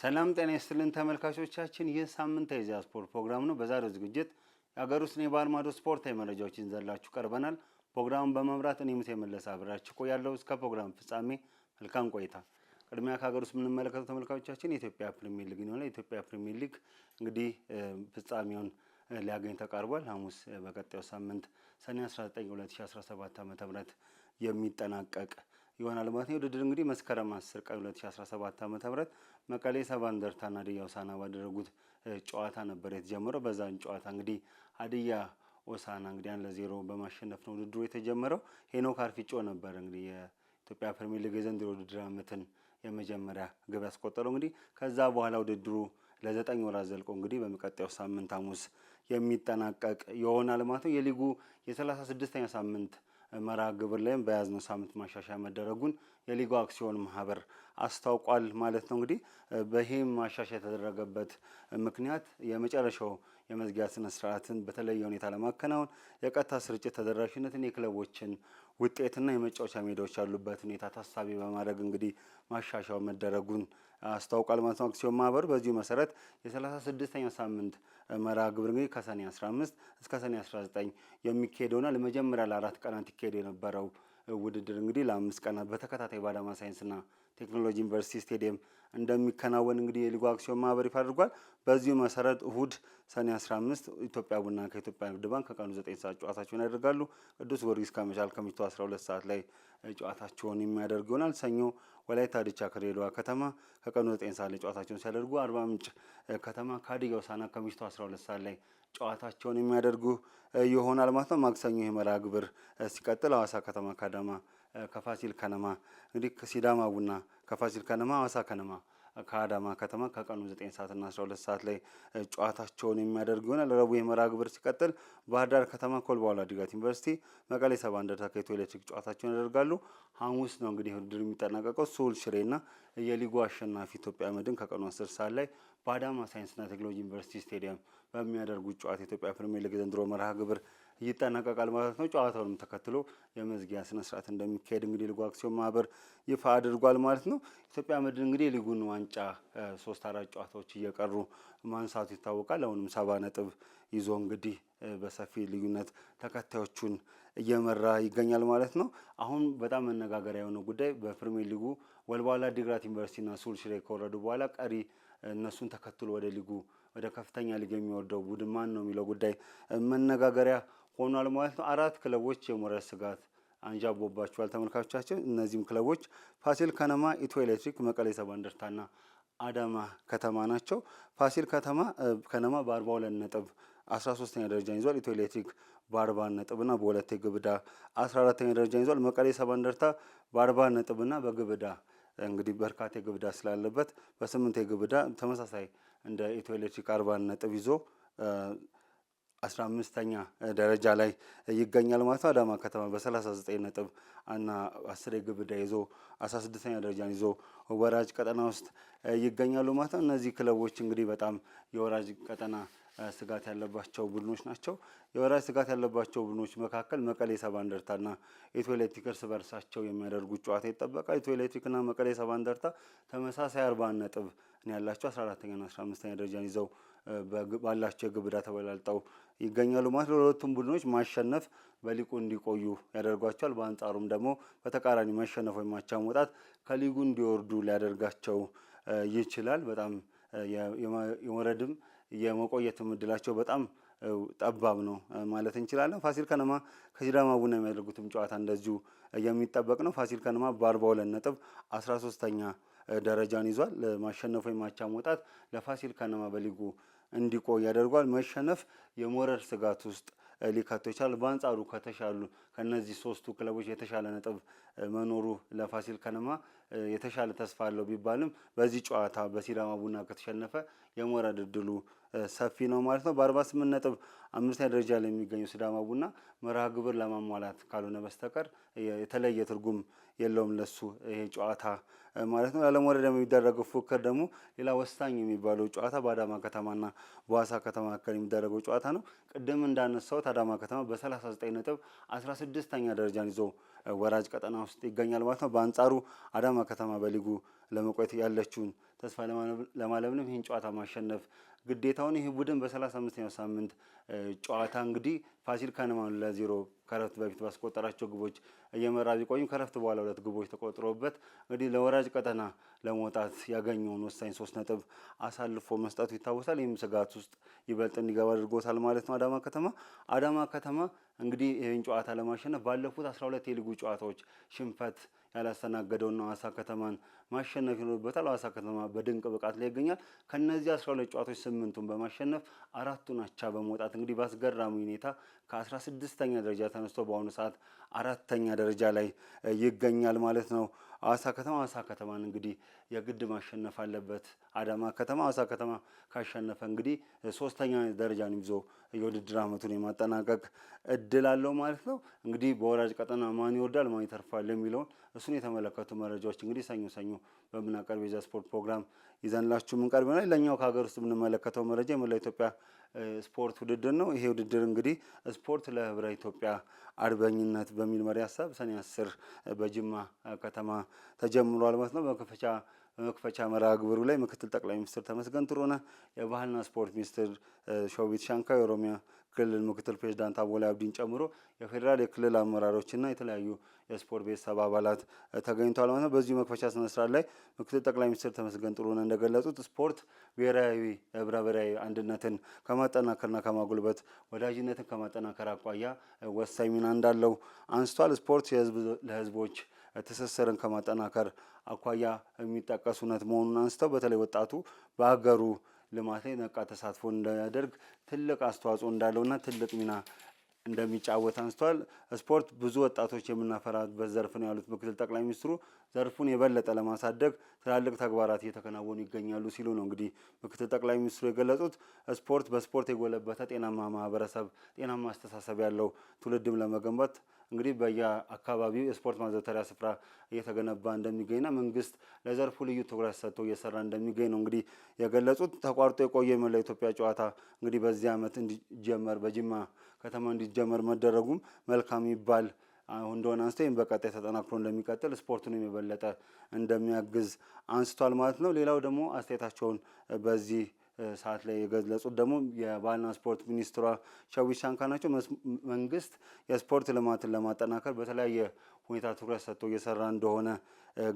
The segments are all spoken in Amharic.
ሰላም ጤና ይስጥልን ተመልካቾቻችን፣ ይህ ሳምንታዊ የኢዜአ ስፖርት ፕሮግራም ነው። በዛሬው ዝግጅት የሀገር ውስጥ የባህር ማዶ ስፖርታዊ መረጃዎችን ይዘንላችሁ ቀርበናል። ፕሮግራሙን በመምራት እኔ ሙሴ መለሰ አብራችሁ ቆያለሁ። እስከ ፕሮግራም ፍጻሜ መልካም ቆይታ። ቅድሚያ ከሀገር ውስጥ የምንመለከተው ተመልካቾቻችን የኢትዮጵያ ፕሪሚየር ሊግ ይሆናል። የኢትዮጵያ ፕሪሚየር ሊግ እንግዲህ ፍጻሜውን ሊያገኝ ተቃርቧል። ሐሙስ በቀጣዩ ሳምንት ሰኔ 19 2017 ዓ ም የሚጠናቀቅ ይሆናል ማለት ነው። የውድድር እንግዲህ መስከረም 10 ቀን 2017 ዓ ም መቀሌ ሰባ እንደርታና ሀዲያ ሆሳዕና ባደረጉት ጨዋታ ነበር የተጀመረው። በዛን ጨዋታ እንግዲህ ሀዲያ ሆሳዕና እንግዲህ አንድ ለዜሮ በማሸነፍ ነው ውድድሩ የተጀመረው። ሄኖክ አርፊጮ ነበር እንግዲህ የኢትዮጵያ ፕሪሚየር ሊግ የዘንድሮ ውድድር ዓመትን የመጀመሪያ ግብ ያስቆጠረው። እንግዲህ ከዛ በኋላ ውድድሩ ለዘጠኝ ወራት ዘልቆ እንግዲህ በሚቀጣዩ ሳምንት ሐሙስ የሚጠናቀቅ ይሆናል ማለት ነው። የሊጉ የሰላሳ ስድስተኛ ሳምንት መርሃ ግብር ላይም በያዝነው ሳምንት ማሻሻያ መደረጉን የሊጉ አክሲዮን ማህበር አስታውቋል ማለት ነው። እንግዲህ በይህም ማሻሻያ የተደረገበት ምክንያት የመጨረሻው የመዝጊያ ስነ ስርዓትን በተለየ ሁኔታ ለማከናወን የቀጥታ ስርጭት ተደራሽነትን፣ የክለቦችን ውጤትና የመጫወቻ ሜዳዎች ያሉበት ሁኔታ ታሳቢ በማድረግ እንግዲህ ማሻሻያው መደረጉን አስታውቋል ማለት ነው። አክሲዮን ማህበሩ በዚሁ መሰረት የሰላሳ 36 ሳምንት መርሃ ግብር እንግዲህ ከሰኔ 15 እስከ ሰኔ 19 የሚካሄደውና ለመጀመሪያ ለአራት ቀናት ይካሄድ የነበረው ውድድር እንግዲህ ለአምስት ቀናት በተከታታይ ባዳማ ሳይንስና ቴክኖሎጂ ዩኒቨርሲቲ ስቴዲየም እንደሚከናወን እንግዲህ የሊጉ አክሲዮን ማህበር ይፋ አድርጓል። በዚሁ መሰረት እሁድ ሰኔ 15 ኢትዮጵያ ቡና ከኢትዮጵያ ንግድ ባንክ ከቀኑ 9 ሰዓት ጨዋታቸውን ያደርጋሉ። ቅዱስ ጊዮርጊስ ከመቻል ከምሽቱ 12 ሰዓት ላይ ጨዋታቸውን የሚያደርግ ይሆናል። ሰኞ ወላይታ ድቻ ከድሬዳዋ ከተማ ከቀኑ 9 ሰዓት ላይ ጨዋታቸውን ሲያደርጉ፣ አርባ ምንጭ ከተማ ከሀዲያ ሆሳዕና ከምሽቱ 12 ሰዓት ላይ ጨዋታቸውን የሚያደርጉ ይሆናል ማለት ነው። ማክሰኞ ይህ ግብር ሲቀጥል ሀዋሳ ከተማ ከአዳማ ከፋሲል ከነማ እንግዲህ ከሲዳማ ቡና ከፋሲል ከነማ፣ አዋሳ ከነማ ከአዳማ ከተማ ከቀኑ 9 ሰዓትና 12 ሰዓት ላይ ጨዋታቸውን የሚያደርግ ይሆናል። ረቡዕ የመርሃ ግብር ሲቀጥል ባህር ዳር ከተማ ከወልባ ወላይታ ዩኒቨርሲቲ፣ መቀሌ ሰባ እንደርታ ከኢትዮ ኤሌክትሪክ ጨዋታቸውን ያደርጋሉ። ሐሙስ ነው እንግዲህ ውድድር የሚጠናቀቀው። ሶል ሽሬ ሽሬና የሊጉ አሸናፊ ኢትዮጵያ መድን ከቀኑ 10 ሰዓት ላይ በአዳማ ሳይንስና ቴክኖሎጂ ዩኒቨርሲቲ ስቴዲየም በሚያደርጉት ጨዋታ ኢትዮጵያ ፕሪሚየር ሊግ ዘንድሮ መርሃ ግብር ይጠናቀቃል ማለት ነው። ጨዋታውንም ተከትሎ የመዝጊያ ስነስርዓት እንደሚካሄድ እንግዲህ ሊጉ አክሲዮን ማህበር ይፋ አድርጓል ማለት ነው። ኢትዮጵያ መድን እንግዲህ ሊጉን ዋንጫ ሶስት አራት ጨዋታዎች እየቀሩ ማንሳቱ ይታወቃል። አሁንም ሰባ ነጥብ ይዞ እንግዲህ በሰፊ ልዩነት ተከታዮቹን እየመራ ይገኛል ማለት ነው። አሁን በጣም መነጋገሪያ የሆነው ጉዳይ በፕሪሚየር ሊጉ ወልዋላ ዲግራት ዩኒቨርሲቲና ሱል ሽሬ ከወረዱ በኋላ ቀሪ እነሱን ተከትሎ ወደ ሊጉ ወደ ከፍተኛ ሊግ የሚወርደው ቡድን ማን ነው የሚለው ጉዳይ መነጋገሪያ ሆኗል ማለት ነው። አራት ክለቦች የሞራል ስጋት አንዣቦባቸዋል። ተመልካቾቻችን እነዚህም ክለቦች ፋሲል ከነማ፣ ኢትዮ ኤሌክትሪክ፣ መቀሌ ሰባ እንደርታና አዳማ ከተማ ናቸው። ፋሲል ከተማ ከነማ በ42 ነጥብ 13 ሶስተኛ ደረጃ ይዟል። ኢትዮ ኤሌክትሪክ በአርባ ነጥብና በሁለት የግብዳ 14 አራተኛ ደረጃ ይዟል። መቀሌ ሰባ እንደርታ በአርባ ነጥብና በግብዳ እንግዲህ በርካታ የግብዳ ስላለበት በስምንት የግብዳ ተመሳሳይ እንደ ኢትዮ ኤሌክትሪክ አርባ ነጥብ ይዞ አስራ አምስተኛ ደረጃ ላይ ይገኛል ማለት ነው። አዳማ ከተማ በሰላሳ ዘጠኝ ነጥብ እና አስር የግብ ዕዳ ይዞ 16ኛ ደረጃን ይዞ ወራጅ ቀጠና ውስጥ ይገኛሉ ማለት ነው። እነዚህ ክለቦች እንግዲህ በጣም የወራጅ ቀጠና ስጋት ያለባቸው ቡድኖች ናቸው። የወራጅ ስጋት ያለባቸው ቡድኖች መካከል መቀሌ ሰባ እንደርታና ኢትዮ ኤሌክትሪክ እርስ በርሳቸው የሚያደርጉት ጨዋታ ይጠበቃል። ኢትዮ ኤሌክትሪክና መቀሌ ሰባ እንደርታ ተመሳሳይ አርባ ነጥብ ያላቸው 14ኛና አስራ አምስተኛ ደረጃን ይዘው ባላቸው የግብዳ ተበላልጠው ይገኛሉ ማለት ለሁለቱም ቡድኖች ማሸነፍ በሊጉ እንዲቆዩ ያደርጓቸዋል። በአንጻሩም ደግሞ በተቃራኒ መሸነፍ ወይም አቻ መውጣት ከሊጉ እንዲወርዱ ሊያደርጋቸው ይችላል። በጣም የመውረድም የመቆየትም እድላቸው በጣም ጠባብ ነው ማለት እንችላለን። ፋሲል ከነማ ከሲዳማ ቡና የሚያደርጉትም ጨዋታ እንደዚሁ የሚጠበቅ ነው። ፋሲል ከነማ በአርባ ሁለት ነጥብ አስራ ሶስተኛ ደረጃን ይዟል። ማሸነፍ ወይም አቻ መውጣት ለፋሲል ከነማ በሊጉ እንዲቆይ ያደርጓል። መሸነፍ የሞረር ስጋት ውስጥ ሊከተው ይችላል። በአንጻሩ ከተሻሉ ከነዚህ ሶስቱ ክለቦች የተሻለ ነጥብ መኖሩ ለፋሲል ከነማ የተሻለ ተስፋ አለው ቢባልም በዚህ ጨዋታ በሲዳማ ቡና ከተሸነፈ የሞረድ እድሉ ሰፊ ነው ማለት ነው። በአርባ ስምንት ነጥብ አምስተኛ ደረጃ ላይ የሚገኘው ሲዳማ ቡና መርሃ ግብር ለማሟላት ካልሆነ በስተቀር የተለየ ትርጉም የለውም ለሱ ይሄ ጨዋታ ማለት ነው። ላለመውረድ የሚደረገው ፉክክር ደግሞ ሌላ ወሳኝ የሚባለው ጨዋታ በአዳማ ከተማና በዋሳ ከተማ መካከል የሚደረገው ጨዋታ ነው። ቅድም እንዳነሳሁት አዳማ ከተማ በ39 ነጥብ 16ኛ ደረጃን ይዞ ወራጅ ቀጠና ውስጥ ይገኛል ማለት ነው። በአንጻሩ አዳማ ከተማ በሊጉ ለመቆየት ያለችውን ተስፋ ለማለምንም ይህን ጨዋታ ማሸነፍ ግዴታውን ይህ ቡድን በሰላሳ አምስተኛው ሳምንት ጨዋታ እንግዲህ ፋሲል ከነማን ለዜሮ ከረፍት በፊት ባስቆጠራቸው ግቦች እየመራ ቢቆይም ከረፍት በኋላ ሁለት ግቦች ተቆጥሮበት እንግዲህ ለወራጅ ቀጠና ለመውጣት ያገኘውን ወሳኝ ሶስት ነጥብ አሳልፎ መስጠቱ ይታወሳል። ይህም ስጋት ውስጥ ይበልጥ እንዲገባ አድርጎታል ማለት ነው። አዳማ ከተማ አዳማ ከተማ እንግዲህ ይህን ጨዋታ ለማሸነፍ ባለፉት 12 የሊጉ ጨዋታዎች ሽንፈት ያላስተናገደውን ሐዋሳ ከተማን ማሸነፍ ይኖርበታል። ሐዋሳ ከተማ በድንቅ ብቃት ላይ ይገኛል። ከነዚህ 12 ጨዋታዎች ስምንቱን በማሸነፍ አራቱን አቻ በመውጣት እንግዲህ በአስገራሚ ሁኔታ ከ16ኛ ደረጃ ተነስቶ በአሁኑ ሰዓት አራተኛ ደረጃ ላይ ይገኛል ማለት ነው። አዋሳ ከተማ አዋሳ ከተማን እንግዲህ የግድ ማሸነፍ አለበት። አዳማ ከተማ አዋሳ ከተማ ካሸነፈ እንግዲህ ሶስተኛ ደረጃን ይዞ የውድድር አመቱን የማጠናቀቅ እድል አለው ማለት ነው። እንግዲህ በወራጅ ቀጠና ማን ይወርዳል ማን ይተርፋል የሚለውን እሱን የተመለከቱ መረጃዎች እንግዲህ ሰኞ ሰኞ በምናቀርብ የኢዜአ ስፖርት ፕሮግራም ይዘንላችሁ ምንቀርብ ይሆናል። ሌላኛው ከሀገር ውስጥ የምንመለከተው መረጃ የመላው ኢትዮጵያ ስፖርት ውድድር ነው። ይሄ ውድድር እንግዲህ ስፖርት ለህብረ ኢትዮጵያ አርበኝነት በሚል መሪ ሀሳብ ሰኔ አስር በጅማ ከተማ ተጀምሯል ማለት ነው በከፈቻ በመክፈቻ መርሃ ግብሩ ላይ ምክትል ጠቅላይ ሚኒስትር ተመስገን ጥሩነህ፣ የባህልና ስፖርት ሚኒስትር ሸዊት ሻንካ፣ የኦሮሚያ ክልል ምክትል ፕሬዚዳንት አቦላ አብዲን ጨምሮ የፌዴራል የክልል አመራሮችና የተለያዩ የስፖርት ቤተሰብ አባላት ተገኝተዋል ማለት ነው። በዚሁ መክፈቻ ስነስርዓት ላይ ምክትል ጠቅላይ ሚኒስትር ተመስገን ጥሩነህ እንደገለጹት ስፖርት ብሔራዊ ህብረ ብሔራዊ አንድነትን ከማጠናከርና ከማጉልበት ወዳጅነትን ከማጠናከር አኳያ ወሳኝ ሚና እንዳለው አንስቷል። ስፖርት የህዝብ ለህዝቦች ትስስርን ከማጠናከር አኳያ የሚጠቀስ እውነት መሆኑን አንስተው በተለይ ወጣቱ በሀገሩ ልማት ላይ ነቃ ተሳትፎ እንዳያደርግ ትልቅ አስተዋጽኦ እንዳለውና ትልቅ ሚና እንደሚጫወት አንስተዋል። ስፖርት ብዙ ወጣቶች የምናፈራበት ዘርፍ ነው ያሉት ምክትል ጠቅላይ ሚኒስትሩ ዘርፉን የበለጠ ለማሳደግ ትላልቅ ተግባራት እየተከናወኑ ይገኛሉ ሲሉ ነው እንግዲህ ምክትል ጠቅላይ ሚኒስትሩ የገለጹት። ስፖርት በስፖርት የጎለበተ ጤናማ ማህበረሰብ፣ ጤናማ አስተሳሰብ ያለው ትውልድም ለመገንባት እንግዲህ በየአካባቢው የስፖርት ማዘውተሪያ ስፍራ እየተገነባ እንደሚገኝና መንግስት ለዘርፉ ልዩ ትኩረት ሰጥቶ እየሰራ እንደሚገኝ ነው እንግዲህ የገለጹት። ተቋርጦ የቆየ የመላው ኢትዮጵያ ጨዋታ እንግዲህ በዚህ ዓመት እንዲጀመር በጅማ ከተማ እንዲጀመር መደረጉም መልካም ይባል እንደሆነ አንስቶ ይህም በቀጣይ ተጠናክሮ እንደሚቀጥል ስፖርቱንም የበለጠ እንደሚያግዝ አንስቷል ማለት ነው። ሌላው ደግሞ አስተያየታቸውን በዚህ ሰዓት ላይ የገለጹት ደግሞ የባህልና ስፖርት ሚኒስትሯ ሸዊት ሻንካ ናቸው። መንግስት የስፖርት ልማትን ለማጠናከር በተለያየ ሁኔታ ትኩረት ሰጥቶ እየሰራ እንደሆነ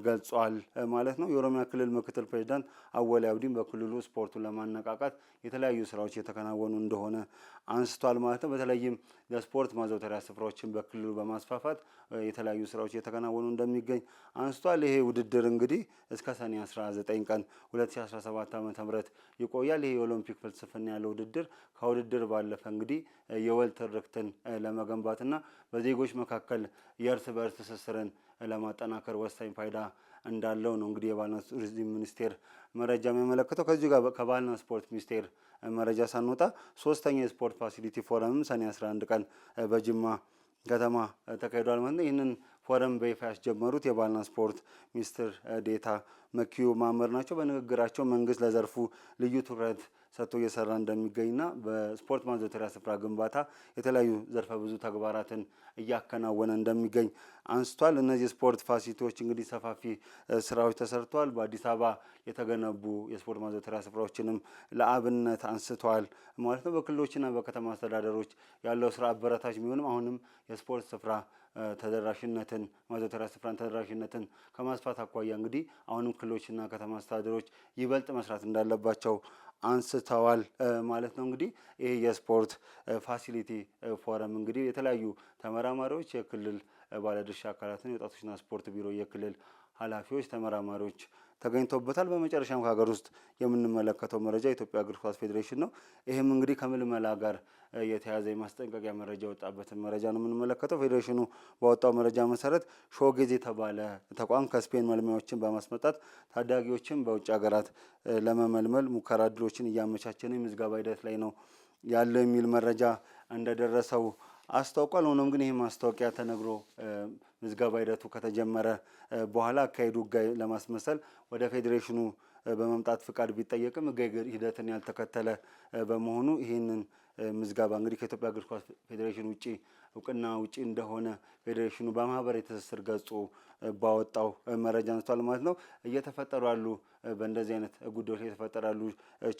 ገልጿል ማለት ነው። የኦሮሚያ ክልል ምክትል ፕሬዚዳንት አወላ አብዲን በክልሉ ስፖርቱን ለማነቃቃት የተለያዩ ስራዎች የተከናወኑ እንደሆነ አንስቷል ማለት ነው። በተለይም ለስፖርት ማዘውተሪያ ስፍራዎችን በክልሉ በማስፋፋት የተለያዩ ስራዎች የተከናወኑ እንደሚገኝ አንስቷል። ይሄ ውድድር እንግዲህ እስከ ሰኔ 19 ቀን 2017 ዓ ም ይቆያል። ይሄ የኦሎምፒክ ፍልስፍና ያለው ውድድር ከውድድር ባለፈ እንግዲህ የወል ትርክትን ለመገንባትና በዜጎች መካከል የእርስ በእርስ ትስስርን ለማጠናከር ወሳኝ ፋይዳ እንዳለው ነው እንግዲህ የባህልና ቱሪዝም ሚኒስቴር መረጃ የሚያመለክተው። ከዚሁ ጋር ከባህልና ስፖርት ሚኒስቴር መረጃ ሳንወጣ ሶስተኛ የስፖርት ፋሲሊቲ ፎረምም ሰኔ 11 ቀን በጅማ ከተማ ተካሂዷል ማለት ነው። ይህንን ፎረም በይፋ ያስጀመሩት የባህልና ስፖርት ሚኒስትር ዴታ መኪዮ ማመር ናቸው። በንግግራቸው መንግስት ለዘርፉ ልዩ ትኩረት ሰጥቶ እየሰራ እንደሚገኝና በስፖርት ማዘውተሪያ ስፍራ ግንባታ የተለያዩ ዘርፈ ብዙ ተግባራትን እያከናወነ እንደሚገኝ አንስቷል። እነዚህ የስፖርት ፋሲሊቲዎች እንግዲህ ሰፋፊ ስራዎች ተሰርተዋል። በአዲስ አበባ የተገነቡ የስፖርት ማዘውተሪያ ስፍራዎችንም ለአብነት አንስተዋል ማለት ነው። በክልሎችና በከተማ አስተዳደሮች ያለው ስራ አበረታች ቢሆንም አሁንም የስፖርት ስፍራ ተደራሽነትን ማዘውተሪያ ስፍራን ተደራሽነትን ከማስፋት አኳያ እንግዲህ አሁንም ክልሎችና ከተማ አስተዳደሮች ይበልጥ መስራት እንዳለባቸው አንስተዋል ማለት ነው። እንግዲህ ይህ የስፖርት ፋሲሊቲ ፎረም እንግዲህ የተለያዩ ተመራማሪዎች፣ የክልል ባለድርሻ አካላትን፣ የወጣቶችና ስፖርት ቢሮ የክልል ኃላፊዎች፣ ተመራማሪዎች ተገኝቶበታል። በመጨረሻም ከሀገር ውስጥ የምንመለከተው መረጃ የኢትዮጵያ እግር ኳስ ፌዴሬሽን ነው። ይህም እንግዲህ ከምልመላ ጋር የተያዘ የማስጠንቀቂያ መረጃ የወጣበትን መረጃ ነው የምንመለከተው። ፌዴሬሽኑ ባወጣው መረጃ መሰረት ሾጌዝ የተባለ ተቋም ከስፔን መልሚያዎችን በማስመጣት ታዳጊዎችን በውጭ ሀገራት ለመመልመል ሙከራ እድሎችን እያመቻቸ ነው፣ የምዝገባ ሂደት ላይ ነው ያለው የሚል መረጃ እንደደረሰው አስታውቋል። ሆኖም ግን ይህ ማስታወቂያ ተነግሮ ምዝገባ ሂደቱ ከተጀመረ በኋላ አካሄዱ ሕጋዊ ለማስመሰል ወደ ፌዴሬሽኑ በመምጣት ፍቃድ ቢጠየቅም ሕጋዊ ሂደትን ያልተከተለ በመሆኑ ይህንን ምዝገባ እንግዲህ ከኢትዮጵያ እግር ኳስ ፌዴሬሽን ውጭ እውቅና ውጪ እንደሆነ ፌዴሬሽኑ በማህበራዊ ትስስር ገጹ ባወጣው መረጃ አንስቷል ማለት ነው። እየተፈጠሩ ያሉ በእንደዚህ አይነት ጉዳዮች ላይ የተፈጠሩ ያሉ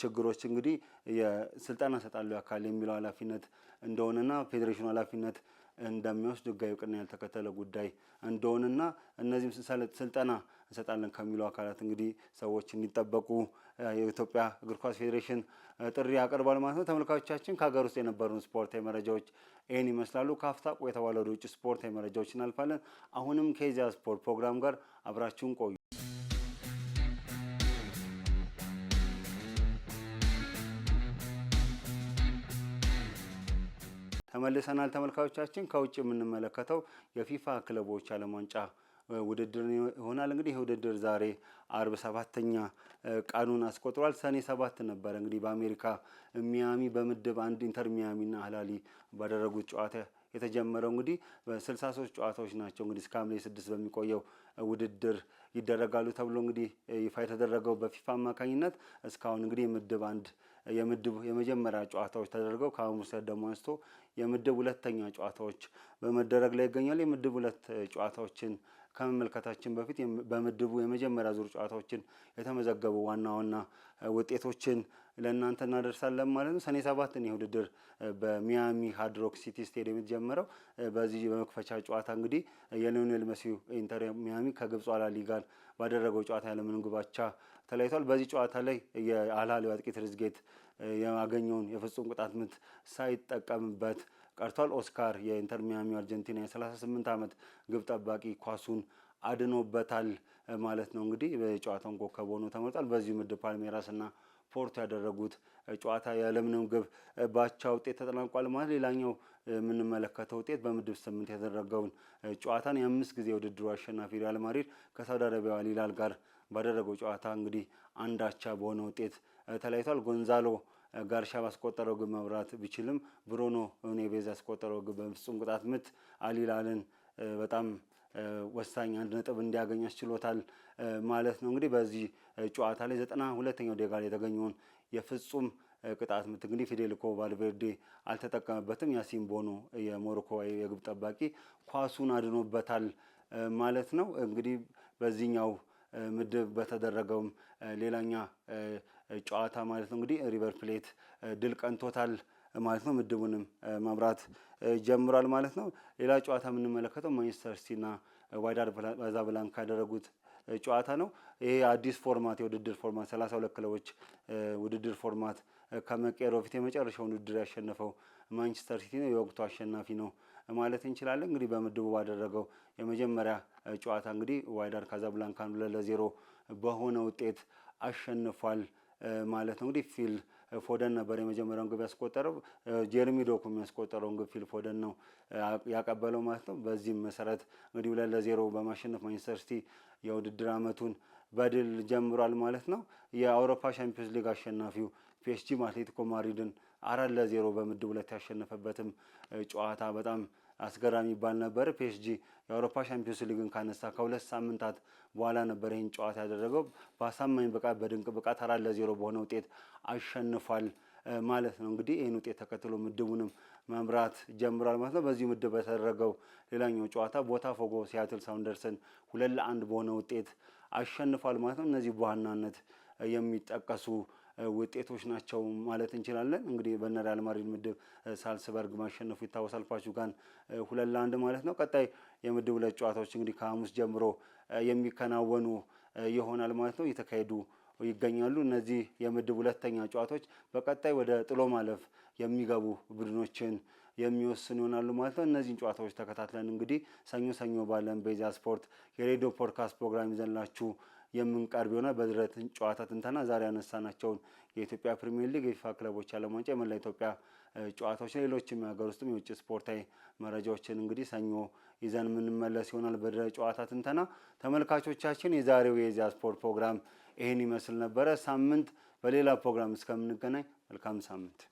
ችግሮች እንግዲህ የስልጠና ሰጣሉ አካል የሚለው ኃላፊነት እንደሆነና ፌዴሬሽኑ ኃላፊነት እንደሚወስድ ህጋዊ እውቅና ያልተከተለ ጉዳይ እንደሆነና እነዚህም ስልጠና እንሰጣለን ከሚሉ አካላት እንግዲህ ሰዎች እንዲጠበቁ የኢትዮጵያ እግር ኳስ ፌዴሬሽን ጥሪ ያቀርባል ማለት ነው። ተመልካቾቻችን ከሀገር ውስጥ የነበሩን ስፖርታዊ መረጃዎች ይህን ይመስላሉ። ከአፍታ ቆይታ በኋላ ወደ ውጭ ስፖርታዊ መረጃዎች እናልፋለን። አሁንም ከዚያ ስፖርት ፕሮግራም ጋር አብራችሁን ቆዩ። ተመልሰናል ተመልካቾቻችን። ከውጭ የምንመለከተው የፊፋ ክለቦች ዓለም ዋንጫ ውድድር ይሆናል። እንግዲህ ይህ ውድድር ዛሬ አርብ ሰባተኛ ቀኑን አስቆጥሯል። ሰኔ ሰባት ነበረ እንግዲህ በአሜሪካ ሚያሚ በምድብ አንድ ኢንተር ሚያሚና አህላሊ ባደረጉት ጨዋታ የተጀመረው እንግዲህ በስልሳ ሶስት ጨዋታዎች ናቸው እንግዲህ እስከ ሐምሌ ስድስት በሚቆየው ውድድር ይደረጋሉ ተብሎ እንግዲህ ይፋ የተደረገው በፊፋ አማካኝነት እስካሁን እንግዲህ የምድብ አንድ የምድብ የመጀመሪያ ጨዋታዎች ተደርገው ከሐሙስ ደግሞ አንስቶ የምድብ ሁለተኛ ጨዋታዎች በመደረግ ላይ ይገኛሉ። የምድብ ሁለት ጨዋታዎችን ከመመልከታችን በፊት በምድቡ የመጀመሪያ ዙር ጨዋታዎችን የተመዘገቡ ዋና ዋና ውጤቶችን ለእናንተ እናደርሳለን ማለት ነው። ሰኔ ሰባት ይህ ውድድር በሚያሚ ሃድሮክ ሲቲ ስቴዲየም የተጀመረው በዚህ በመክፈቻ ጨዋታ እንግዲህ የሊዮኔል መሲ ኢንተር ሚያሚ ከግብፅ አልአህሊ ባደረገው ጨዋታ ያለምንም ግብ አቻ ተለይቷል። በዚህ ጨዋታ ላይ የአልአህሊ አጥቂ ትርዝጌት ያገኘውን የፍጹም ቅጣት ምት ሳይጠቀምበት ቀርቷል። ኦስካር የኢንተር ሚያሚ አርጀንቲና የ38 ዓመት ግብ ጠባቂ ኳሱን አድኖበታል ማለት ነው። እንግዲህ በጨዋታውን ኮከብ ሆኖ ተመርጧል። በዚሁ ምድብ ፓልሜራስና ፖርቶ ያደረጉት ጨዋታ ያለምንም ግብ ባቻ ውጤት ተጠናቋል። ማለት ሌላኛው የምንመለከተው ውጤት በምድብ ስምንት የተደረገውን ጨዋታን የአምስት ጊዜ ውድድሩ አሸናፊ ሪያል ማድሪድ ከሳውዲ አረቢያ አል ሂላል ጋር ባደረገው ጨዋታ እንግዲህ አንዳቻ በሆነ ውጤት ተለያይቷል። ጎንዛሎ ጋርሻ ባስቆጠረው ግብ መብራት ቢችልም ብሩኖ ኔቬዝ ያስቆጠረው ግብ በፍጹም ቅጣት ምት አሊላልን በጣም ወሳኝ አንድ ነጥብ እንዲያገኝ አስችሎታል ማለት ነው። እንግዲህ በዚህ ጨዋታ ላይ ዘጠና ሁለተኛው ደቂቃ ላይ የተገኘውን የፍጹም ቅጣት ምት እንግዲህ ፊዴልኮ ቫልቬርዴ አልተጠቀመበትም። ያሲን ቦኖ የሞሮኮ የግብ ጠባቂ ኳሱን አድኖበታል ማለት ነው። እንግዲህ በዚህኛው ምድብ በተደረገውም ሌላኛ ጨዋታ ማለት ነው። እንግዲህ ሪቨር ፕሌት ድል ቀንቶታል ማለት ነው። ምድቡንም መምራት ጀምሯል ማለት ነው። ሌላ ጨዋታ የምንመለከተው ማንቸስተር ሲቲና ዋይዳድ ካዛብላንካ ያደረጉት ጨዋታ ነው። ይሄ አዲስ ፎርማት የውድድር ፎርማት ሰላሳ ሁለት ክለቦች ውድድር ፎርማት ከመቀየሩ በፊት የመጨረሻውን ውድድር ያሸነፈው ማንቸስተር ሲቲ ነው። የወቅቱ አሸናፊ ነው ማለት እንችላለን። እንግዲህ በምድቡ ባደረገው የመጀመሪያ ጨዋታ እንግዲህ ዋይዳድ ካዛብላንካን ሁለት ለዜሮ በሆነ ውጤት አሸንፏል። ማለት ነው። እንግዲህ ፊል ፎደን ነበር የመጀመሪያውን ግብ ያስቆጠረው። ጀርሚ ዶኩ የሚያስቆጠረውን ግብ ፊል ፎደን ነው ያቀበለው ማለት ነው። በዚህም መሰረት እንግዲህ ሁለት ለዜሮ በማሸነፍ ማንቸስተር ሲቲ የውድድር ዓመቱን በድል ጀምሯል ማለት ነው። የአውሮፓ ሻምፒዮንስ ሊግ አሸናፊው ፒኤስጂ አትሌቲኮ ማድሪድን አራት ለዜሮ በምድብ ሁለት ያሸነፈበትም ጨዋታ በጣም አስገራሚ ይባል ነበር። ፒኤስጂ የአውሮፓ ሻምፒዮንስ ሊግን ካነሳ ከሁለት ሳምንታት በኋላ ነበር ይህን ጨዋታ ያደረገው። በአሳማኝ ብቃት፣ በድንቅ ብቃት አራት ለዜሮ በሆነ ውጤት አሸንፏል ማለት ነው። እንግዲህ ይህን ውጤት ተከትሎ ምድቡንም መምራት ጀምሯል ማለት ነው። በዚህ ምድብ በተደረገው ሌላኛው ጨዋታ ቦታፎጎ ሲያትል ሳውንደርስን ሁለት ለአንድ በሆነ ውጤት አሸንፏል ማለት ነው። እነዚህ በዋናነት የሚጠቀሱ ውጤቶች ናቸው ማለት እንችላለን። እንግዲህ በነ ሪያል ማድሪድ ምድብ ሳልስበርግ ማሸነፉ ይታወሳል ፓቹጋን ሁለት ለአንድ ማለት ነው። ቀጣይ የምድብ ሁለት ጨዋታዎች እንግዲህ ከሐሙስ ጀምሮ የሚከናወኑ ይሆናል ማለት ነው እየተካሄዱ ይገኛሉ። እነዚህ የምድብ ሁለተኛ ጨዋታዎች በቀጣይ ወደ ጥሎ ማለፍ የሚገቡ ቡድኖችን የሚወስኑ ይሆናሉ ማለት ነው። እነዚህን ጨዋታዎች ተከታትለን እንግዲህ ሰኞ ሰኞ ባለን በኢዜአ ስፖርት የሬዲዮ ፖድካስት ፕሮግራም ይዘንላችሁ የምንቀርብ ይሆናል። በድረትን ጨዋታ ትንተና ዛሬ ያነሳናቸውን የኢትዮጵያ ፕሪሚየር ሊግ፣ የፊፋ ክለቦች ዓለም ዋንጫ፣ የመላ ኢትዮጵያ ጨዋታዎች፣ ሌሎችም የሀገር ውስጥም የውጭ ስፖርታዊ መረጃዎችን እንግዲህ ሰኞ ይዘን የምንመለስ ይሆናል። በድረ ጨዋታ ትንተና ተመልካቾቻችን፣ የዛሬው የኢዜአ ስፖርት ፕሮግራም ይህን ይመስል ነበረ። ሳምንት በሌላ ፕሮግራም እስከምንገናኝ መልካም ሳምንት